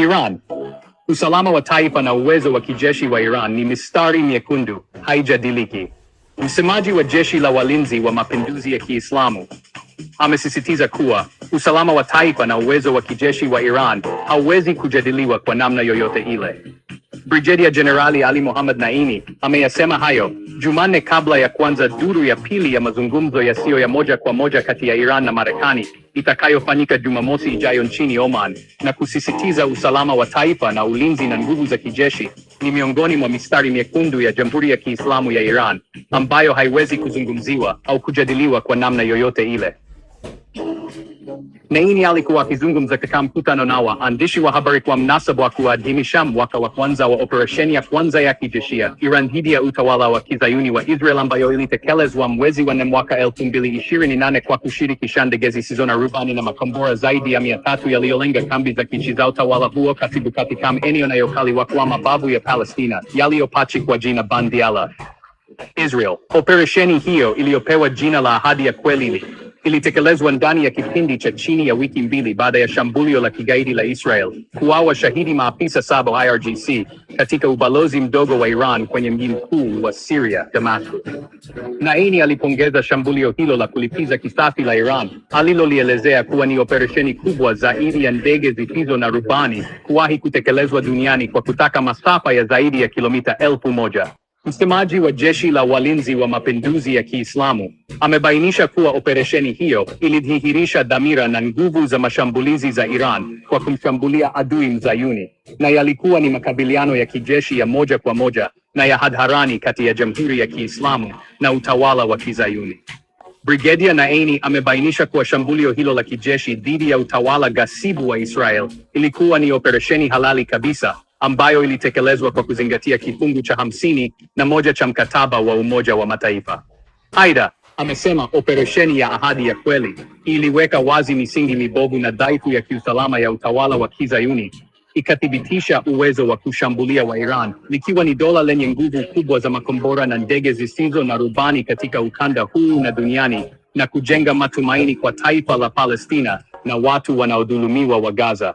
Iran. Usalama wa taifa na uwezo wa kijeshi wa Iran ni mistari miekundu, haijadiliki. Msemaji wa jeshi la walinzi wa mapinduzi ya Kiislamu amesisitiza kuwa usalama wa taifa na uwezo wa kijeshi wa Iran hauwezi kujadiliwa kwa namna yoyote ile. Brigedia Jenerali Ali Mohammad Naini ameyasema hayo Jumanne kabla ya kuanza duru ya pili ya mazungumzo yasiyo ya moja kwa moja kati ya Iran na Marekani itakayofanyika Jumamosi ijayo nchini Oman, na kusisitiza usalama wa taifa na ulinzi na nguvu za kijeshi ni miongoni mwa mistari miekundu ya Jamhuri ya Kiislamu ya Iran ambayo haiwezi kuzungumziwa au kujadiliwa kwa namna yoyote ile. Meini alikuwa akizungumza katika mkutano na waandishi wa habari kwa mnasaba wa kuadhimisha mwaka wa kwanza wa operesheni ya kwanza ya kijeshi ya Iran dhidi ya utawala wa kizayuni wa Israel ambayo ilitekelezwa mwezi wa nne mwaka elfu mbili ishirini nane kwa kushirikisha ndege zisizo na rubani na makombora zaidi ya mia tatu yaliyolenga kambi za kijeshi za utawala huo katibu katika maeneo yanayokaliwa kwa mabavu ya Palestina yaliyopachikwa jina bandiala Israel. Operesheni hiyo iliyopewa jina la Ahadi ya Kweli ilitekelezwa ndani ya kipindi cha chini ya wiki mbili baada ya shambulio la kigaidi la Israel kuwawa shahidi maafisa saba wa IRGC katika ubalozi mdogo wa Iran kwenye mji mkuu wa siria Damascus. Naini alipongeza shambulio hilo la kulipiza kisasi la Iran alilolielezea kuwa ni operesheni kubwa zaidi ya ndege zisizo na rubani kuwahi kutekelezwa duniani kwa kutaka masafa ya zaidi ya kilomita elfu moja. Msemaji wa jeshi la walinzi wa mapinduzi ya Kiislamu amebainisha kuwa operesheni hiyo ilidhihirisha dhamira na nguvu za mashambulizi za Iran kwa kumshambulia adui mzayuni na yalikuwa ni makabiliano ya kijeshi ya moja kwa moja na ya hadharani kati ya Jamhuri ya Kiislamu na utawala wa kizayuni. Brigedia Naeini amebainisha kuwa shambulio hilo la kijeshi dhidi ya utawala ghasibu wa Israel ilikuwa ni operesheni halali kabisa ambayo ilitekelezwa kwa kuzingatia kifungu cha hamsini na moja cha mkataba wa Umoja wa Mataifa. Aidha, amesema operesheni ya Ahadi ya Kweli iliweka wazi misingi mibovu na dhaifu ya kiusalama ya utawala wa Kizayuni, ikathibitisha uwezo wa kushambulia wa Iran likiwa ni dola lenye nguvu kubwa za makombora na ndege zisizo na rubani katika ukanda huu na duniani, na kujenga matumaini kwa taifa la Palestina na watu wanaodhulumiwa wa Gaza.